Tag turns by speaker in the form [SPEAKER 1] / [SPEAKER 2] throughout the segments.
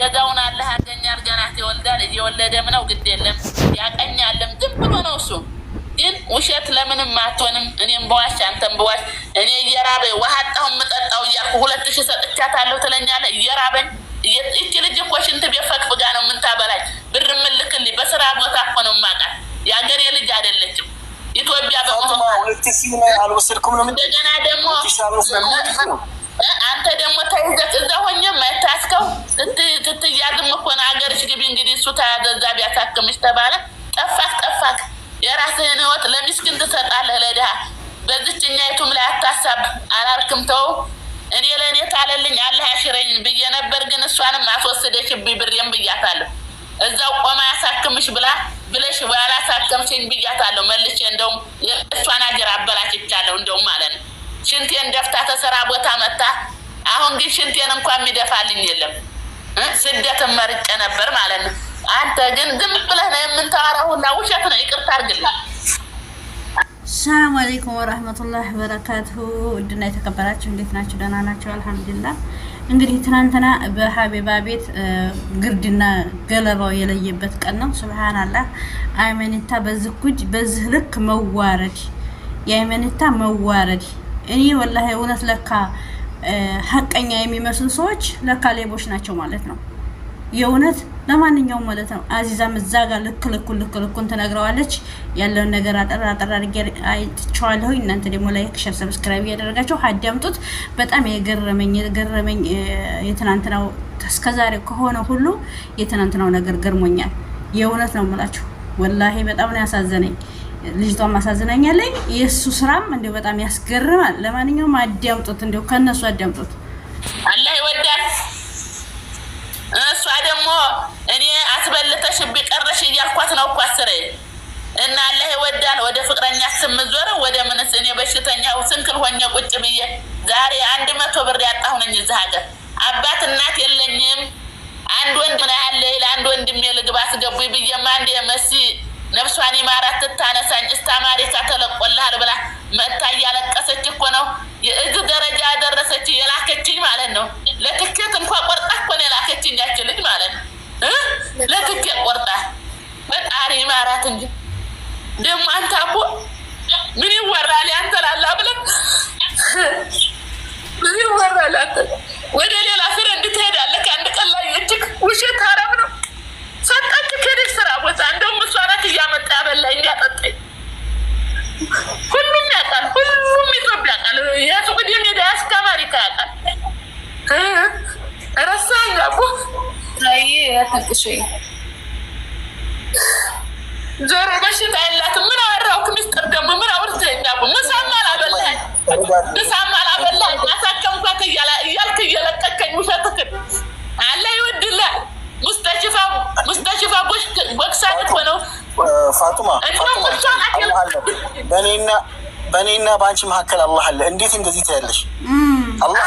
[SPEAKER 1] ገዛውን አለ አገኛ እርገናት ይወልዳል። እየወለደም ነው ግድ የለም ያቀኛለም። ዝም ብሎ ነው እሱ። ግን ውሸት ለምንም አትሆንም። እኔም በዋሽ አንተም በዋሽ እኔ እየራበ ውሃ የምጠጣው እያልኩ ሁለት ሺህ ሰጥቻታለሁ ትለኛለህ። እየራበኝ ይቺ ልጅ እኮ ሽንት ቤት ፈቅፍጋ ነው የምታበላኝ። ብር ምልክልኝ። በስራ ቦታ እኮ ነው የማውቃት። የአገሬ ልጅ አይደለችም። ኢትዮጵያ
[SPEAKER 2] በሁለት ደግሞ
[SPEAKER 1] አንተ ደግሞ ተይዘህ እዛ ሆኜ የማይታስከው ትትያዝም እኮ ነው። ሀገርሽ ግቢ እንግዲህ እሱ ተያዘዛ ቢያሳክምሽ ተባለ። ጠፋክ ጠፋክ። የራስህን ህይወት ለሚስኪን ትሰጣለህ፣ ለድሃ በዝችኛይቱም ላይ አታሳብ አላልክም። ተው እኔ ለእኔ ታለልኝ አለ ያሽረኝ ብዬ ነበር፣ ግን እሷንም አስወስደሽብኝ ብሬም ብያታለሁ። እዛው ቆማ ያሳክምሽ ብላ ብለሽ ባላሳከምሽኝ ብያታለሁ መልሼ። እንደውም የእሷን አጀር አበላሽቻለሁ እንደውም ማለት ነው ሽንቴን ደፍታ ተሰራ ቦታ መታ። አሁን ግን ሽንቴን እንኳን የሚደፋልኝ የለም። ስደትን መርጨ ነበር ማለት ነው። አንተ ግን ዝም ብለህ ነው የምንተዋራሁና ውሸት ነው። ይቅርታ አድርግልኝ።
[SPEAKER 3] ሰላም አለይኩም ወራህመቱላህ በረካቱ። እድና የተከበራችሁ እንዴት ናችሁ? ደህና ናቸው አልሐምዱላ። እንግዲህ ትናንትና በሀቢባ ቤት ግርድና ገለባው የለየበት ቀን ነው። ስብሓናላ አይመኒታ በዚህ ጉድ በዚህ ልክ መዋረድ የአይመኒታ መዋረድ እኔ ወላሂ እውነት ለካ ሀቀኛ የሚመስሉ ሰዎች ለካ ሌቦች ናቸው ማለት ነው። የእውነት ለማንኛውም ማለት ነው። አዚዛም እዛ ጋር ልክ ልኩን ልክ ልኩን ትነግረዋለች። ያለውን ነገር አጠር አጠር አድርጌ አይቼዋለሁ። እናንተ ደግሞ ላይክ፣ ሸር፣ ሰብስክራይብ እያደረጋቸው አዳምጡት። በጣም የገረመኝ የገረመኝ የትናንትናው እስከዛሬ ከሆነ ሁሉ የትናንትናው ነገር ገርሞኛል። የእውነት ነው የምላችሁ ወላሂ በጣም ነው ያሳዘነኝ። ልጅቷን ማሳዝናኛለኝ። የእሱ ስራም እንዲሁ በጣም ያስገርማል። ለማንኛውም አዳምጦት እንዲሁ ከእነሱ አዳምጦት
[SPEAKER 1] አላህ ይወዳል። እሷ ደግሞ እኔ አስበልተሽ ቢቀረሽ እያልኳት ነው እኳ አስሬ እና አላህ ይወዳል። ወደ ፍቅረኛ ስምዞረ ወደ ምንስ እኔ በሽተኛ ስንክል ሆኜ ቁጭ ብዬ ዛሬ አንድ መቶ ብር ያጣሁ ነኝ። እዚህ ሀገር አባት እናት የለኝም። አንድ ወንድ ምን ያህል ለአንድ ወንድሜ ልግባ አስገቡኝ ብዬማ እንደ መሲ ነፍሷን ይማራት ትታነሳኝ እስታማሪሳ ተለቆልሃል ብላ መታ እያለቀሰች እኮ ነው። የእግር ደረጃ ያደረሰች የላከችኝ ማለት ነው። ለትኬት እንኳ ቆርጣ እኮ ነው የላከችኝ ያች ልጅ ማለት ነው። ለትኬት ቆርጣ በጣሪ ይማራት እንጂ ደግሞ አንተ አቦ ምን ይወራል ያንተ ላላ ብለን ምን ይወራል አንተ ወደ ሌላ ፍሬ እንድትሄዳለህ ከአንድ ቀን ላይ የእጅግ ውሸት ሀረም ነው። አታልቅሽ ወይ ጆሮ በሽታ የላትም። ምን አወራሁ? ምስጢር ደግሞ ምን አውርተኛ? ምሳም አላበላኝ፣ ምሳም አላበላኝ። አሳከምኳት እያልክ እየለቀቀኝ ውሸትክን አለ ይወድላል።
[SPEAKER 2] በእኔና በአንቺ መካከል አላህ አለ። እንዴት እንደዚህ ትያለሽ?
[SPEAKER 1] አላህ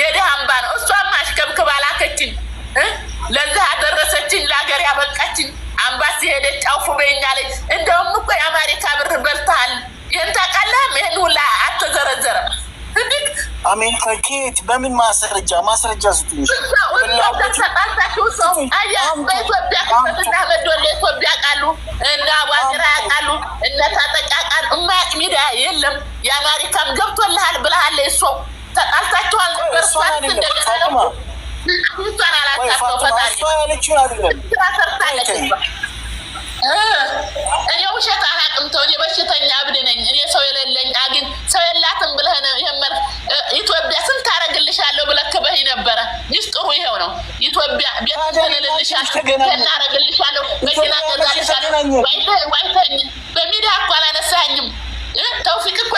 [SPEAKER 1] የድሃ አምባ ነው። እሷም አሽከብክባ ላከችኝ፣ ለዚህ አደረሰችን፣ ለሀገር ያበቃችን። አምባሲ ሄደች አውፉ በኛ ላይ እንደውም እኮ የአሜሪካ ብር በልተሃል። ይህን ታውቃለህም ይህን ሁላ አልተዘረዘረም።
[SPEAKER 2] አሜሪካ ኬት በምን ማስረጃ ማስረጃ ስትንሽ
[SPEAKER 1] ሰው አያ በኢትዮጵያ ክሰትና በዶሎ ኢትዮጵያ ቃሉ እና ዋስራ ያውቃሉ እነ ታጠቃ ቃሉ እማያቅ ሚዲያ የለም። የአሜሪካም ገብቶልሃል ብለሃል እሷው ተጣልታችኋል። እኔ ውሸት አላውቅም። ተው፣ እኔ በሽተኛ እብድ ነኝ። እኔ ሰው የሌለኝ አግኝ ሰው የላትም ብለህ ነው የመር ኢትዮጵያ ስንት አረግልሻለሁ ብለህ ክበህ ነበረ። ሚስጥሩ ይኸው ነው። ኢትዮጵያ ቤት
[SPEAKER 2] ትንልልሻለሁ፣
[SPEAKER 1] እናረግልሻለሁ፣ መኪና ገዛልሻለሁ። ዋይተኝ በሚዲያ እኮ አላነሳኝም ተውፊቅ እኮ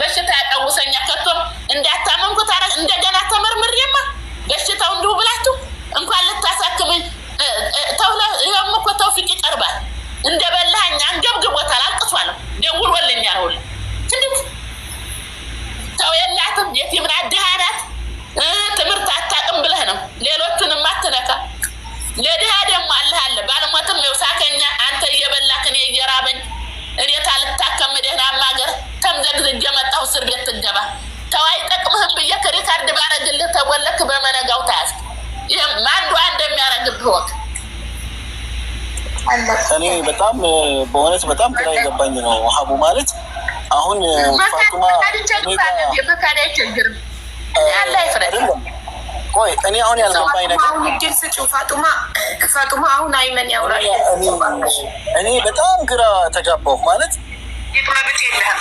[SPEAKER 1] በሽታ ያቃውሰኛ ከቶ እንዳታመምኩት እንደገና ተመርምሬማ በሽታው እንዲሁ ብላችሁ እንኳን ልታሳክምኝ ይኸውም እኮ ተውፊቅ ይቀርባል። እንደ በላኸኝ አንገብግቦታል። አልቅሷል። ደውሎልኛል ሁሉ እንዴት ሰው የላትም የቲምራ ድሃ ናት ትምህርት አታውቅም ብለህ ነው። ሌሎቹንም አትነካ። ለድሃ ደግሞ አለህ አለ ባለሞትም ው አንተ እየበላክ እኔ እየራበኝ እኔ ታልታከም ደህናም ሀገር ተምዘግዝግ የመጣሁ እስር ቤት ትገባ ተዋይ አይጠቅምህም ብዬ ከሪካርድ ባረግልህ ተወለክ በመነጋው ተያዝ። ይህም አንዱ እንደሚያረግብህ ወቅ
[SPEAKER 2] እኔ በጣም በእውነት በጣም ግራ የገባኝ ነው ሀቡ ማለት አሁን
[SPEAKER 1] ፋጡማ ፈካድ አይቸግርም
[SPEAKER 2] ቆይ እኔ አሁን
[SPEAKER 1] ያልገባኝ ነገር ፋጡማ። ፋጡማ አሁን አይመን ያውራል።
[SPEAKER 2] እኔ በጣም ግራ ተጋባሁ። ማለት
[SPEAKER 1] ይቁመብት የለህም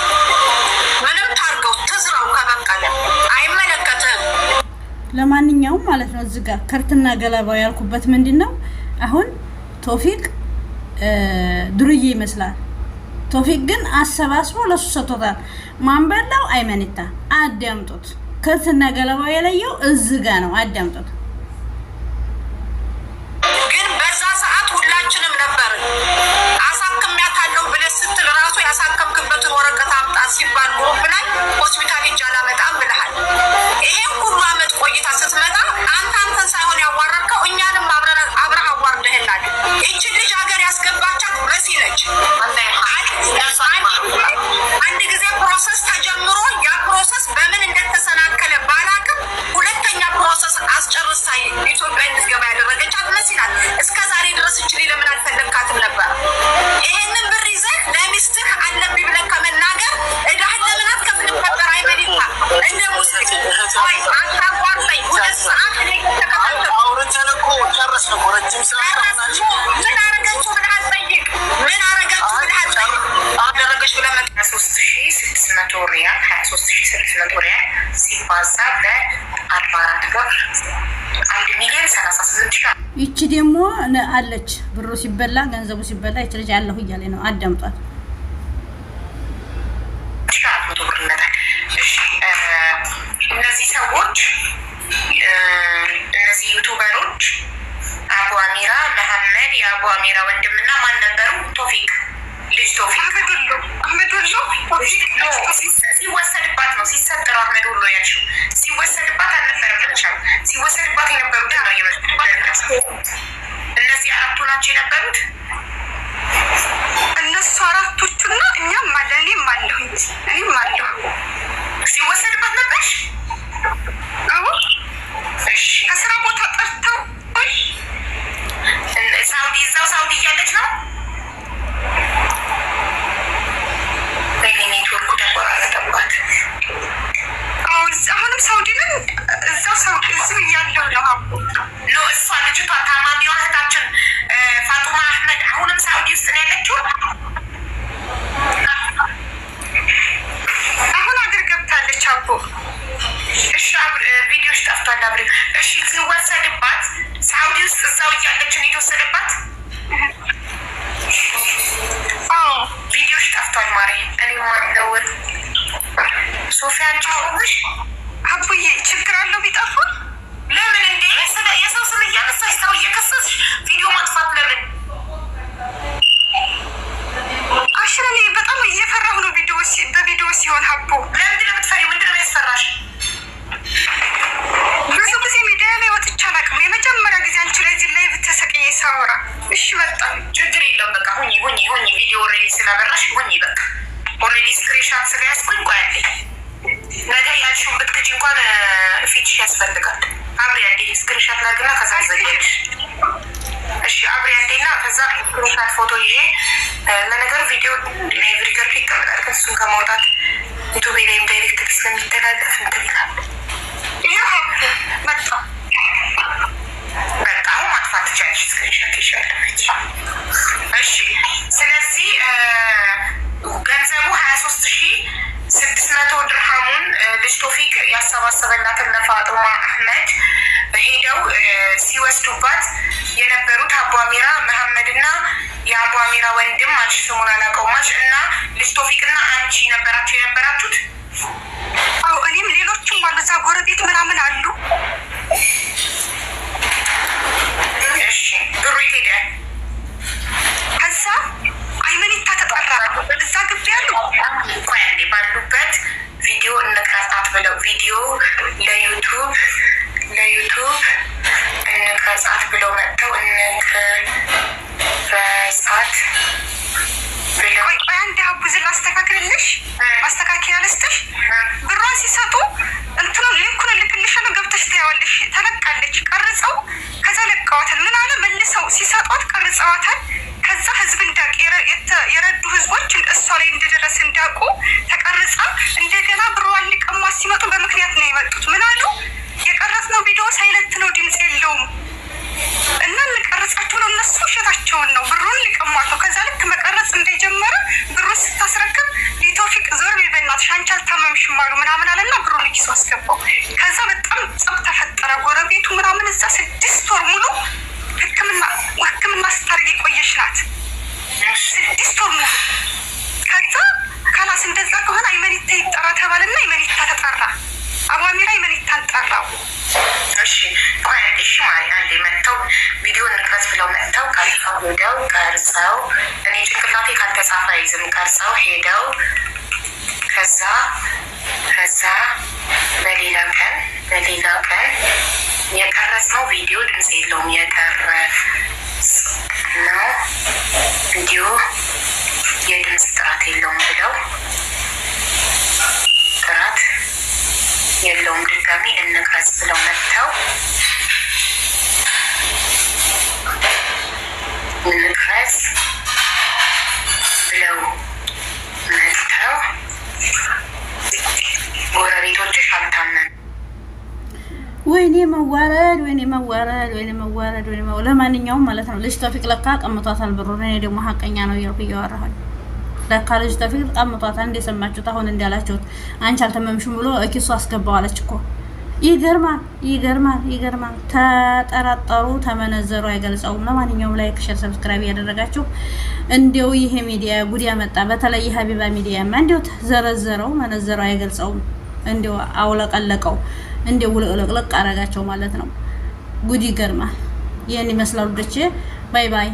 [SPEAKER 1] ምንም ታርገው ትዝራው ከበቃለ
[SPEAKER 3] ለማንኛውም ማለት ነው እዚህ ጋር ከርትና ገለባው ያልኩበት ምንድን ነው አሁን ቶፊቅ ዱርዬ ይመስላል። ቶፊቅ ግን አሰባስቦ ለሱ ሰጥቶታል። ማንበላው አይመንታ አዳምጡት። ከስና ገለባው የለየው እዚህ ጋር ነው። አዳምጡት።
[SPEAKER 1] ግን በዛ ሰዓት ሁላችንም ነበር አሳክሚያታለሁ ብለህ ስትል ራሱ ያሳከምክበትን ወረቀት አምጣ ሲባል ግሩፕ ላይ ሆስፒታል ሂጅ አላመጣም ብለሃል። ይሄን ሁሉ አመት ቆይታ ስትመጣ አንተ አንተን ሳይሆን ያዋረድከው እኛንም አብረህ አዋርደህናል። ይቺ ልጅ ሀገር ያስገባቻት መሲ ነች።
[SPEAKER 3] ይቺ ደግሞ አለች ብሩ ሲበላ ገንዘቡ ሲበላ ይችልጅ ያለሁ እያለ ነው። አዳምጧት።
[SPEAKER 1] እነዚህ አራቱ ናቸው የነበሩት። እነሱ አራቶቹና እኛም አለ እኔም አለሁ እኔም አለሁ። ሲወሰድበት ነበርሽ ከስራ ቦታ ጠርተው ሳውዲ እዛው ሳውዲ እያለች ነው ኔትወርኩ ተቆራረጠባት። አሁንም ሳውዲ ምን እዛው ሰው እዚሁ እያለው ለሀቁ ሎ እሷ ልጅቷ ታማሚዋ እህታችን ፋጡማ አህመድ አሁንም ሳውዲ ውስጥ ነው ያለችው። አሁን አገር ገብታለች። አቦ እሺ፣ ቪዲዮች ጠፍቷል። አብሬ እሺ፣ ሲወሰድባት ሳውዲ ውስጥ እዛው እያለችን የተወሰደባት ቪዲዮች ጠፍቷል። ማሪ እኔ ማደውል ሶፊያ ጫውሽ እሺ በቃ ችግር የለውም። በቃ ሁኝ ሁኝ ሁኝ ቪዲዮ ኦልሬዲ ስላበራሽ ሁኝ በቃ ኦልሬዲ ስክሪንሻት ስለያዝኩኝ ቆያለኝ። ነገ ያልሽውን ብትክጅ እንኳን ፊትሽ ያስፈልጋል። አብሬ አንዴ ስክሪንሻት ላግና ከዛ ዘያልሽ እሺ አብሬ አንዴና ከዛ ስክሪንሻት ፎቶ ይዤ ለነገሩ ቪዲዮ ላይቭ ሪከርድ ይቀመጣል። ከሱን ከማውጣት ዩቱቤ ላይም ዳይሬክት ስለሚተላለፍ እንትን ይላል ይሄ መጣ በጣም ማጥፋት ትችላለች። ስክሪንሾት ይሻለች። እሺ፣ ስለዚህ ገንዘቡ ሀያ ሶስት ሺ ስድስት መቶ ድርሃሙን ልጅ ቶፊቅ ያሰባሰበላትን ለፋጡማ አህመድ ሄደው ሲወስዱባት የነበሩት አቡ አሚራ መሐመድ እና የአቡ አሚራ ወንድም አንቺ ስሙን አላቀውማች እና ልጅ ቶፊቅ እና አንቺ ነበራቸው የነበራችሁት። አዎ እኔም ሌሎችም አሉ እዛ ጎረቤት ምናምን አሉ ሄደ። ከዛ አይመኒታ ተጠራ። እዛ ግቢ ያሉ እንኳን ባሉበት ቪዲዮ እንቅረጻት ብለው ይሰራታል። ከዛ ህዝብ የረዱ ህዝቦች እሷ ላይ እንደደረስ እንዳውቁ ተቀርጻ እንደገና ብሯን ሊቀሟት ሲመጡ በምክንያት ነው የመጡት። ምን አሉ? የቀረጽነው ቪዲዮ ሳይለንት ነው፣ ድምፅ የለውም እና እንቀርጻችሁ ነው። እነሱ ውሸታቸውን ነው። ብሩን ሊቀሟት ነው። ከዛ ልክ መቀረጽ እንደጀመረ ብሩ ስታስረክብ ሊቶፊቅ ዞር በናትሽ አንቺ አልታመምሽም አሉ ምናምን አለና ብሩን ኪሱ አስገባው። ከዛ በጣም አካባቢ ላይ ምን ይታንጠራው? እሺ ቆይ እሺ መጥተው ቪዲዮ እንቅረጽ ብለው መጥተው ቀርጸው ሄደው ቀርጸው እኔ ጭንቅላቴ ካልተጻፈ አይዝም ቀርጸው ሄደው
[SPEAKER 3] መዋረድ ወይ መዋረድ ወይ መዋረድ ወይ ለማንኛውም ማለት ነው ልጅ ተፊቅ ለካ ቀምጧታል ብሩን። እኔ ደግሞ ሀቀኛ ነው እያልኩ እያወራሁኝ ለካ ልጅ ተፊቅ ቀምቷታል። እንደሰማችሁት አሁን እንዳላችሁት አንቺ አልተመምሽም ብሎ እኪሱ አስገባዋለች እኮ ይገርማል፣ ይገርማል፣ ይገርማል። ተጠራጠሩ፣ ተመነዘሩ አይገልጸውም። ለማንኛውም ላይክ፣ ሼር፣ ሰብስክራይብ ያደረጋችሁ እንዲው ይሄ ሚዲያ ጉድ ያመጣ በተለይ የሀቢባ ሚዲያማ እንዲው ዘረዘረው፣ መነዘረው አይገልጸውም፣ እንዲው አውለቀለቀው። እንደ ውልቅልቅልቅ አረጋቸው ማለት ነው። ጉድ ይገርማል። ይህን ይመስላል። ዶቼ ባይ ባይ